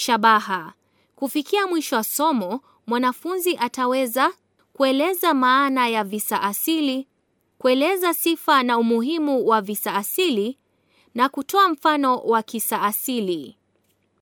Shabaha: kufikia mwisho wa somo, mwanafunzi ataweza kueleza maana ya visa asili, kueleza sifa na umuhimu wa visa asili na kutoa mfano wa kisa asili.